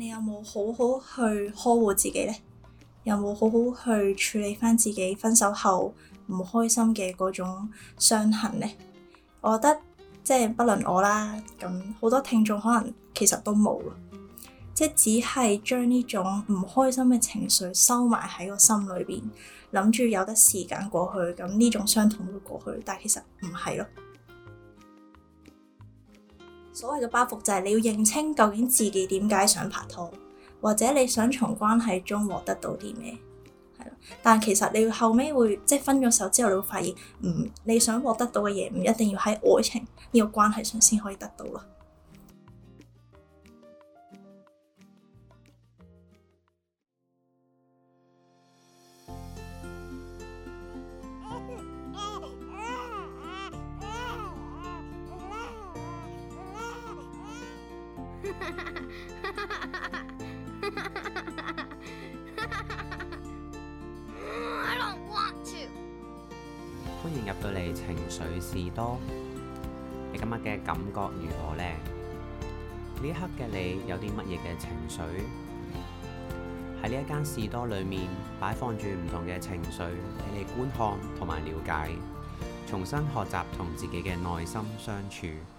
你有冇好好去呵護自己呢？有冇好好去處理翻自己分手後唔開心嘅嗰種傷痕呢？我覺得即係不論我啦，咁好多聽眾可能其實都冇咯，即係只係將呢種唔開心嘅情緒收埋喺個心裏邊，諗住有得時間過去，咁呢種傷痛都會過去，但係其實唔係咯。所謂嘅包袱就係你要認清究竟自己點解想拍拖，或者你想從關係中獲得到啲咩，係咯。但其實你後尾會即係分咗手之後，你會發現，唔、嗯、你想獲得到嘅嘢唔一定要喺愛情呢個關係上先可以得到咯。 I don't want 歡迎入到嚟情緒士多，你今日嘅感覺如何呢？呢一刻嘅你有啲乜嘢嘅情緒？喺呢一間士多裏面擺放住唔同嘅情緒，畀你觀看同埋了解，重新學習同自己嘅內心相處。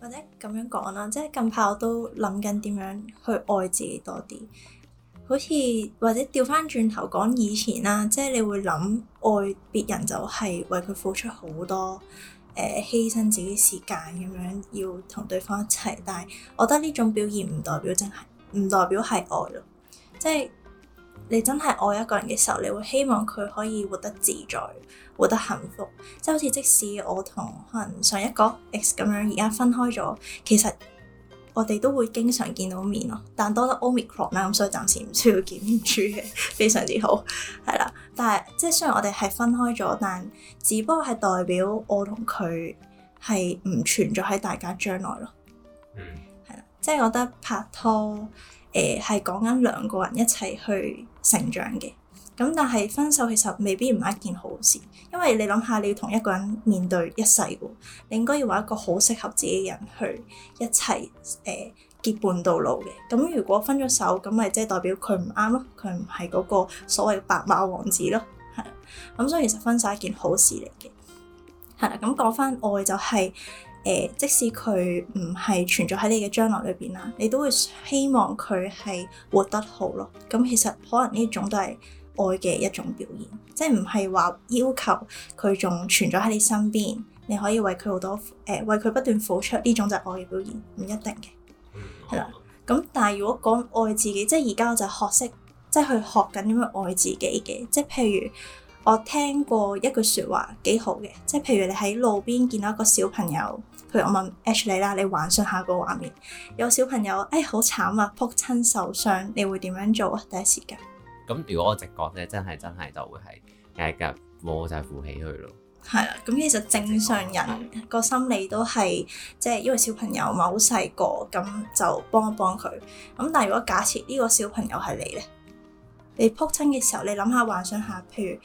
或者咁樣講啦，即係近排我都諗緊點樣去愛自己多啲，好似或者調翻轉頭講以前啦，即係你會諗愛別人就係為佢付出好多，誒犧牲自己時間咁樣要同對方一齊，但係我覺得呢種表現唔代表真係，唔代表係愛咯，即係。你真係愛一個人嘅時候，你會希望佢可以活得自在、活得幸福，即係好似即使我同可能上一個 ex 咁樣而家分開咗，其實我哋都會經常見到面咯。但多得 Omicron 啦，啊，咁所以暫時唔需要見面住，非常之好，係啦。但係即係雖然我哋係分開咗，但只不過係代表我同佢係唔存在喺大家將來咯。嗯，係啦，即係我覺得拍拖。誒係講緊兩個人一齊去成長嘅，咁但係分手其實未必唔係一件好事，因為你諗下，你要同一個人面對一世喎，你應該要揾一個好適合自己嘅人去一齊誒、呃、結伴到老嘅。咁如果分咗手，咁咪即係代表佢唔啱咯，佢唔係嗰個所謂白馬王子咯，係。咁所以其實分手係一件好事嚟嘅，係啦。咁講翻愛就係、係。誒，即使佢唔係存在喺你嘅將來裏邊啦，你都會希望佢係活得好咯。咁其實可能呢種都係愛嘅一種表現，即係唔係話要求佢仲存在喺你身邊，你可以為佢好多誒，為佢不斷付出呢種就係愛嘅表現，唔一定嘅，係啦。咁但係如果講愛自己，即係而家我就學識，即係去學緊點樣愛自己嘅，即係譬如我聽過一句說話幾好嘅，即係譬如你喺路邊見到一個小朋友。譬如我問 Ash 你啦，你幻想下個畫面，有小朋友誒好慘啊，撲親受傷，你會點樣做啊？第一時間，咁如果我直覺咧，真係真係就會係嗌夾摸就扶起佢咯。係啊，咁其實正常人個心理都係即係，因為小朋友唔係好細個，咁就幫一幫佢。咁但係如果假設呢個小朋友係你咧，你撲親嘅時候，你諗下幻想下，譬如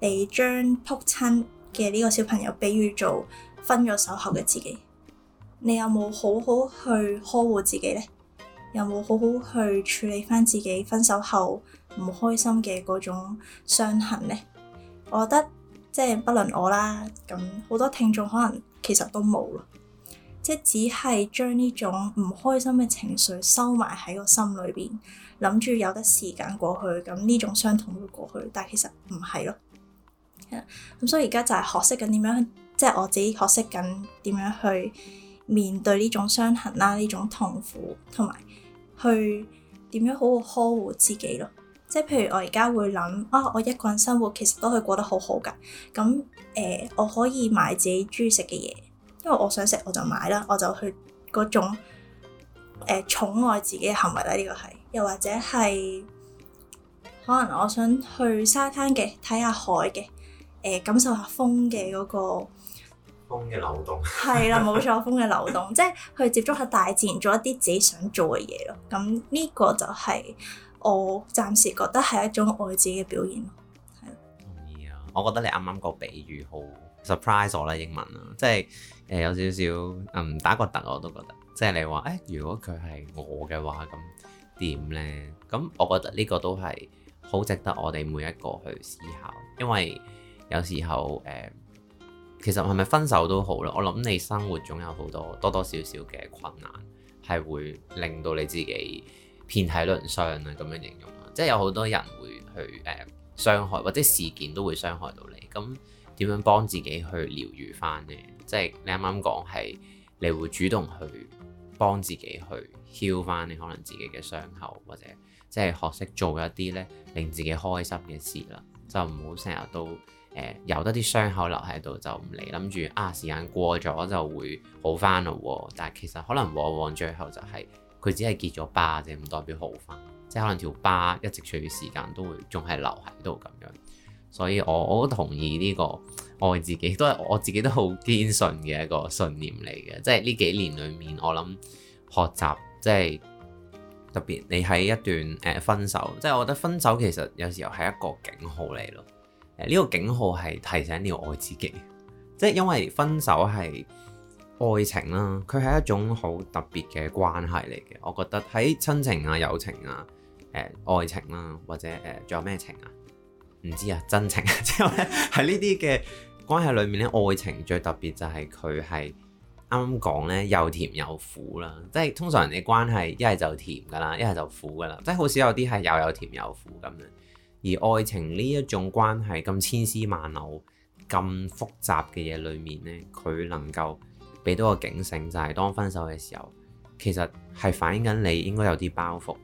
你將撲親嘅呢個小朋友比喻做。分咗手後嘅自己，你有冇好好去呵護自己呢？有冇好好去處理返自己分手後唔開心嘅嗰種傷痕呢？我覺得即係不論我啦，咁好多聽眾可能其實都冇咯，即係只係將呢種唔開心嘅情緒收埋喺個心裏邊，諗住有得時間過去，咁呢種傷痛會過去，但其實唔係咯。係咁所以而家就係學識緊點樣。即係我自己學識緊點樣去面對呢種傷痕啦、啊，呢種痛苦，同埋去點樣好好呵護自己咯。即係譬如我而家會諗啊、哦，我一個人生活其實都可以過得好好噶。咁、嗯、誒、呃，我可以買自己中意食嘅嘢，因為我想食我就買啦，我就去嗰種誒、呃、寵愛自己嘅行為啦。呢、這個係又或者係可能我想去沙灘嘅睇下海嘅，誒、呃、感受下風嘅嗰、那個。 哦、風嘅流動係啦，冇錯 ，風嘅流動即係去接觸下大自然，做一啲自己想做嘅嘢咯。咁呢個就係我暫時覺得係一種愛自己嘅表現咯。係啊， 我覺得你啱啱個比喻好 surprise 我啦，英文啊，即係誒、呃、有少少嗯打個突我都覺得，即係你話誒、欸，如果佢係我嘅話，咁點呢？咁我覺得呢個都係好值得我哋每一個去思考，因為有時候誒。嗯其實係咪分手都好啦，我諗你生活總有好多多多少少嘅困難，係會令到你自己遍體鱗傷啊！咁樣形容，即係有好多人會去誒、呃、傷害，或者事件都會傷害到你。咁點樣幫自己去療癒翻呢？即係你啱啱講係你會主動去幫自己去 heal 翻你可能自己嘅傷口，或者即係學識做一啲呢令自己開心嘅事啦。就唔好成日都誒、呃、由得啲傷口留喺度，就唔嚟諗住啊，時間過咗就會好翻咯喎。但係其實可能往往最後就係、是、佢只係結咗疤啫，唔代表好翻，即係可能條疤一直隨住時間都會仲係留喺度咁樣。所以我我都同意呢、這個愛自己都係我自己都好堅信嘅一個信念嚟嘅，即係呢幾年裡面我諗學習即係。特別你喺一段誒、呃、分手，即係我覺得分手其實有時候係一個警號嚟咯。誒、呃、呢、這個警號係提醒你要愛自己，即係因為分手係愛情啦，佢係一種好特別嘅關係嚟嘅。我覺得喺親情啊、友情啊、誒、呃、愛情啦、啊，或者誒仲、呃、有咩情啊？唔知啊，真情啊！之後咧喺呢啲嘅關係裏面咧，愛情最特別就係佢係。啱啱講咧，又甜又苦啦，即係通常人哋關係一係就甜噶啦，一係就苦噶啦，即係好少有啲係又有甜又苦咁樣。而愛情呢一種關係咁千絲萬縷、咁複雜嘅嘢裏面呢，佢能夠俾到個警醒，就係當分手嘅時候，其實係反映緊你應該有啲包袱，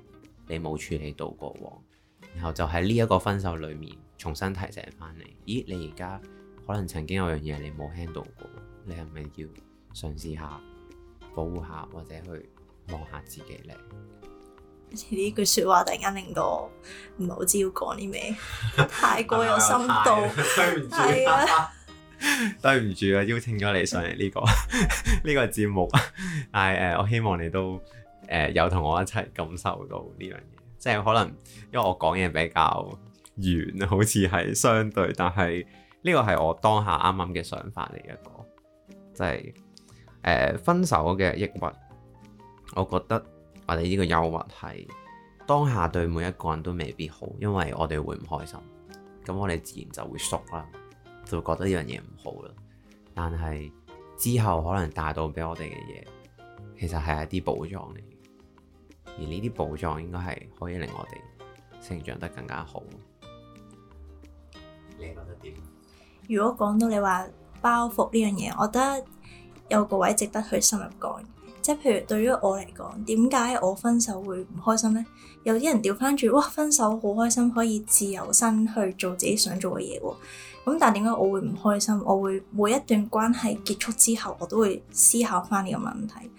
你冇處理到過喎，然後就喺呢一個分手裏面重新提醒翻你，咦，你而家可能曾經有樣嘢你冇 handle 過，你係咪要？嘗試下保護下，或者去望下自己咧。呢句説話突然間令到唔好知要講啲咩， 太過有深度、 啊。對唔住， 啊！ 邀請咗你上嚟呢、這個呢 個節目，但係、呃、我希望你都、呃、有同我一齊感受到呢樣嘢。即、就、係、是、可能因為我講嘢比較遠，好似係相對，但係呢個係我當下啱啱嘅想法嚟嘅一個，即、就、係、是。誒、呃、分手嘅抑鬱，我覺得我哋呢個憂鬱係當下對每一個人都未必好，因為我哋會唔開心，咁我哋自然就會熟啦，就會覺得呢樣嘢唔好啦。但係之後可能帶到俾我哋嘅嘢，其實係一啲寶藏嚟，而呢啲寶藏應該係可以令我哋成長得更加好。你覺得點？如果講到你話包袱呢樣嘢，我覺得。有個位值得去深入講，即係譬如對於我嚟講，點解我分手會唔開心呢？有啲人調翻轉，哇！分手好開心，可以自由身去做自己想做嘅嘢喎。咁但係點解我會唔開心？我會每一段關係結束之後，我都會思考翻呢個問題。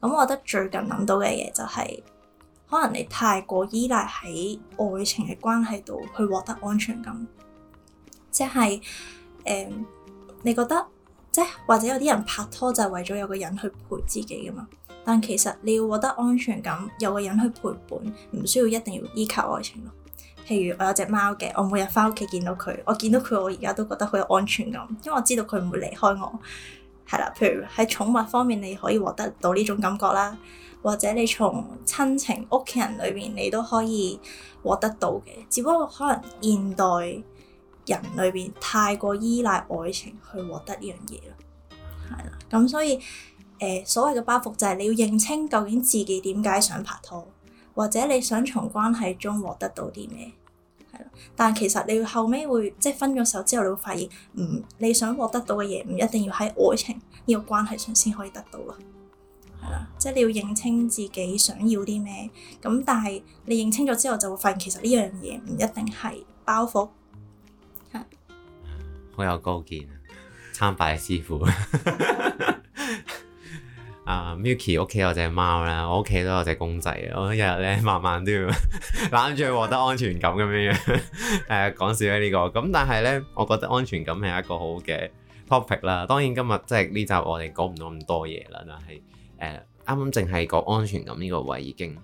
咁我覺得最近諗到嘅嘢就係、是，可能你太過依賴喺愛情嘅關係度去獲得安全感，即係誒、嗯，你覺得？或者有啲人拍拖就係為咗有個人去陪自己㗎嘛，但其實你要獲得安全感，有個人去陪伴，唔需要一定要依靠愛情咯。譬如我有隻貓嘅，我每日返屋企見到佢，我見到佢我而家都覺得好有安全感，因為我知道佢唔會離開我。係啦，譬如喺寵物方面，你可以獲得到呢種感覺啦，或者你從親情屋企人裏面，你都可以獲得到嘅，只不過可能現代。人裏邊太過依賴愛情去獲得呢樣嘢咯，係啦，咁所以誒、呃、所謂嘅包袱就係你要認清究竟自己點解想拍拖，或者你想從關係中獲得到啲咩。係啦，但其實你後尾會即係分咗手之後，你會發現唔、嗯、你想獲得到嘅嘢唔一定要喺愛情呢個關係上先可以得到咯，係啦，即係你要認清自己想要啲咩咁，但係你認清咗之後就會發現其實呢樣嘢唔一定係包袱。好有高見啊！參拜師傅啊！Milky 屋企有隻貓啦，我屋企都有隻公仔啊！我日日咧慢慢都要攬 住獲得安全感咁樣樣。誒、 uh, 講笑啦呢、這個，咁但係咧，我覺得安全感係一個好嘅 topic 啦。當然今日即係呢集我哋講唔到咁多嘢啦，但係誒啱啱淨係講安全感呢個位已經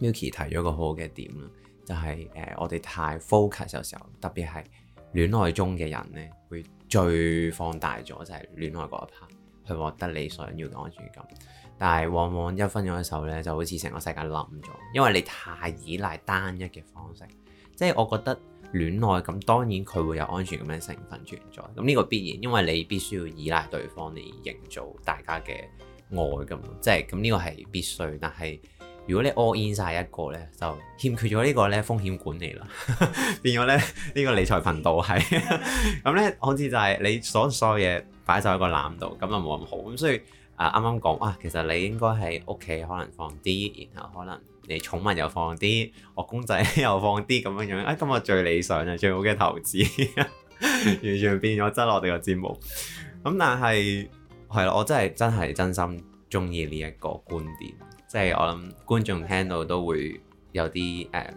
Milky 提咗一個好嘅點啦，就係、是、誒、uh, 我哋太 focus 有時候，特別係。戀愛中嘅人呢，會最放大咗就係戀愛嗰一 part 去獲得你想要嘅安全感，但係往往一分咗手呢，就好似成個世界冧咗，因為你太依賴單一嘅方式，即係我覺得戀愛咁當然佢會有安全感嘅成分存在，咁呢個必然，因為你必須要依賴對方嚟營造大家嘅愛㗎，即係咁呢個係必須，但係。如果你 all in 晒一個咧，就欠缺咗呢個咧風險管理啦， 變咗咧呢、呢個理財頻道係咁咧，好似就係你所所有嘢擺晒喺個籃度，咁就冇咁好。咁所以啊，啱啱講啊，其實你應該喺屋企可能放啲，然後可能你寵物又放啲，我公仔又放啲咁樣樣。哎、啊，咁啊最理想啊最好嘅投資， 完全變咗真我哋個節目。咁但係係啦，我真係真係真心中意呢一個觀點。即係我諗觀眾聽到都會有啲誒、uh,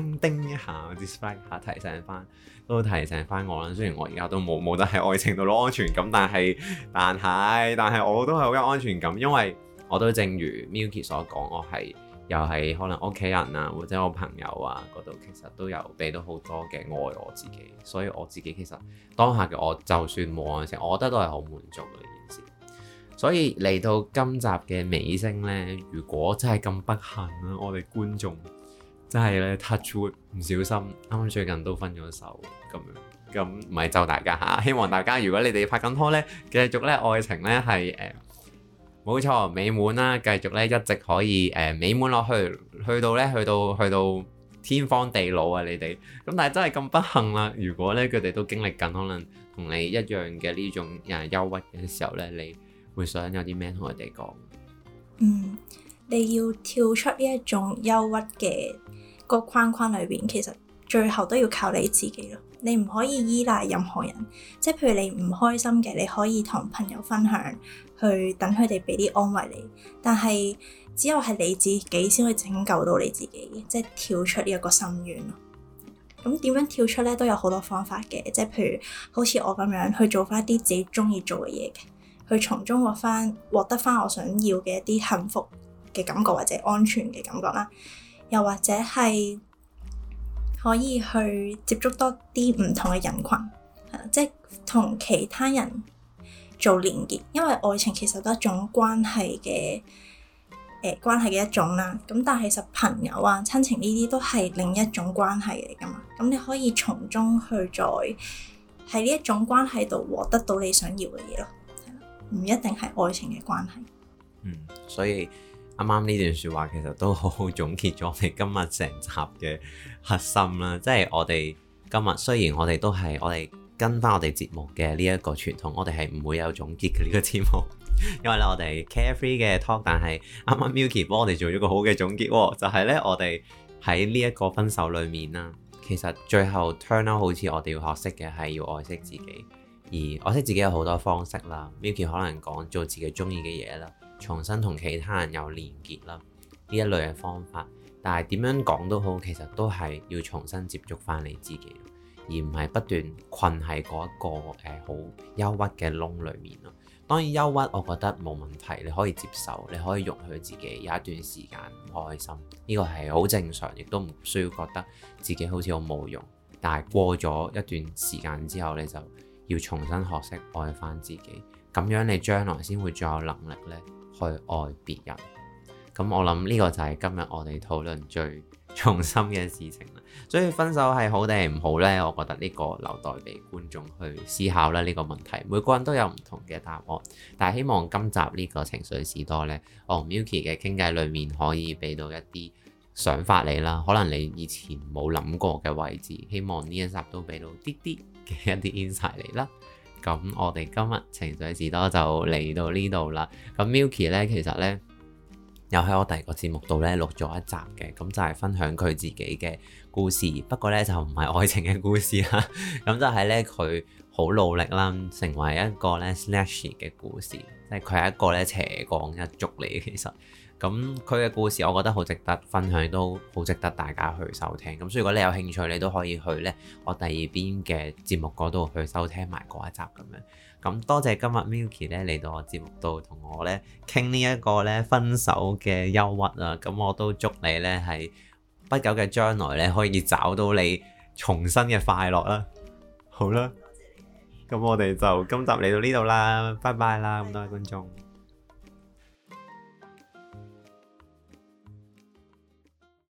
聽叮一下，display 下提醒翻，都提醒翻我啦。雖然我而家都冇冇得喺愛情度攞安全感，但係但係但係我都係好有安全感，因為我都正如 Milky 所講，我係又係可能屋企人啊或者我朋友啊嗰度其實都有俾到好多嘅愛我自己，所以我自己其實當下嘅我就算冇愛情，我覺得都係好滿足。所以嚟到今集嘅尾聲呢，如果真係咁不幸啦，我哋觀眾真係呢 touch wood 唔小心，啱啱最近都分咗手咁樣，咁唔係就大家嚇，希望大家如果你哋拍緊拖呢，繼續呢愛情呢係誒冇錯美滿啦，繼續呢一直可以誒美滿落去，去到呢去到去到天荒地老啊你哋，咁但係真係咁不幸啦，如果呢佢哋都經歷緊可能同你一樣嘅呢種誒憂鬱嘅時候呢，你。會想有啲咩同佢哋講。嗯，你要跳出呢一種憂鬱嘅個框框裏邊，其實最後都要靠你自己咯。你唔可以依賴任何人，即係譬如你唔開心嘅，你可以同朋友分享，去等佢哋俾啲安慰你。但係只有係你自己先可以拯救到你自己，即係跳，跳出呢一個深淵咯。咁點樣跳出咧？都有好多方法嘅，即係譬如好似我咁樣去做翻一啲自己中意做嘅嘢嘅。去從中獲返，獲得返我想要嘅一啲幸福嘅感覺，或者安全嘅感覺啦，又或者係可以去接觸多啲唔同嘅人群，啊、即係同其他人做連結。因為愛情其實都係一種關係嘅誒關係嘅一種啦。咁但係其實朋友啊、親情呢啲都係另一種關係嚟㗎嘛。咁你可以從中去再喺呢一種關係度獲得到你想要嘅嘢咯。唔一定係愛情嘅關係。嗯，所以啱啱呢段說話其實都好好總結咗我哋今日成集嘅核心啦。即係我哋今日雖然我哋都係我哋跟翻我哋節目嘅呢一個傳統，我哋係唔會有總結嘅呢個節目。因為咧，我哋 carefree 嘅 talk，但係啱啱 Milky 幫我哋做咗個好嘅總結。就係呢，我哋喺呢一個分手裡面啦，其實最後 turn out 好似我哋要學識嘅係要愛惜自己。而我識自己有好多方式啦，Milky 可能講做自己中意嘅嘢啦，重新同其他人有連結啦，呢一類嘅方法。但係點樣講都好，其實都係要重新接觸返你自己，而唔係不斷困喺嗰一個誒好、呃、憂鬱嘅窿裡面咯。當然憂鬱，我覺得冇問題，你可以接受，你可以容許自己有一段時間唔開心，呢、呢個係好正常，亦都唔需要覺得自己好似好冇用。但係過咗一段時間之後你就。要重新學識愛返自己，咁樣你將來先會再有能力咧去愛別人。咁我諗呢個就係今日我哋討論最重心嘅事情啦。所以分手係好定係唔好呢？我覺得呢個留待俾觀眾去思考啦。呢個問題每個人都有唔同嘅答案，但係希望今集呢個情緒士多呢，我同 Milky 嘅傾偈裏面可以俾到一啲。想法你啦，可能你以前冇諗過嘅位置，希望呢一集都俾到啲啲嘅一啲 insight 你啦。咁我哋今日情緒士多就嚟到呢度啦。咁 Milky 咧，其實咧又喺我第二個節目度咧錄咗一集嘅，咁就係分享佢自己嘅故事。不過咧就唔係愛情嘅故事啦，咁 就係咧佢好努力啦，成為一個咧 slash 嘅故事，即係佢係一個咧斜槓一族嚟嘅。其實。咁佢嘅故事，我覺得好值得分享，都好值得大家去收聽。咁所以如果你有興趣，你都可以去咧我第二邊嘅節目嗰度去收聽埋嗰一集咁樣。咁多謝今日 Milky 咧嚟到我節目度同我咧傾呢一個咧分手嘅憂鬱啊！咁我都祝你咧係不久嘅將來咧可以找到你重新嘅快樂啦。好啦，多謝你。咁我哋就今集嚟到呢度啦，拜拜啦，咁多位觀眾。